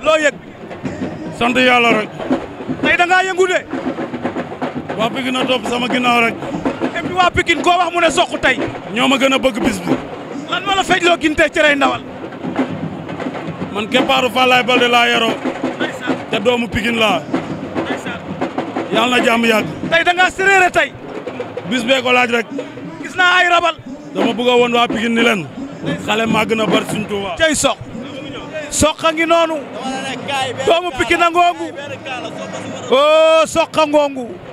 loo yëg. sant yàlla rek. tey da ngaa yëngu de. waa Pikine na topp sama ginnaaw rek. et waa Pikine koo wax ne soq tey. ñoo ma gën a bëgg bis bi. lan ma la fej loo man keppaaru Fallaye Balde laa yaroo. te doomu Pikine laa. yàlla na jàmm yàgg. tey da ngaa séréere tey. bis laaj rek. gis naa ay rabal. dama bëgg a waa Pikine xale màgg na bar suñ Tuuba. cey soq soqa ngi doomu Pikine a ngooŋu. oo soqa ngooŋu.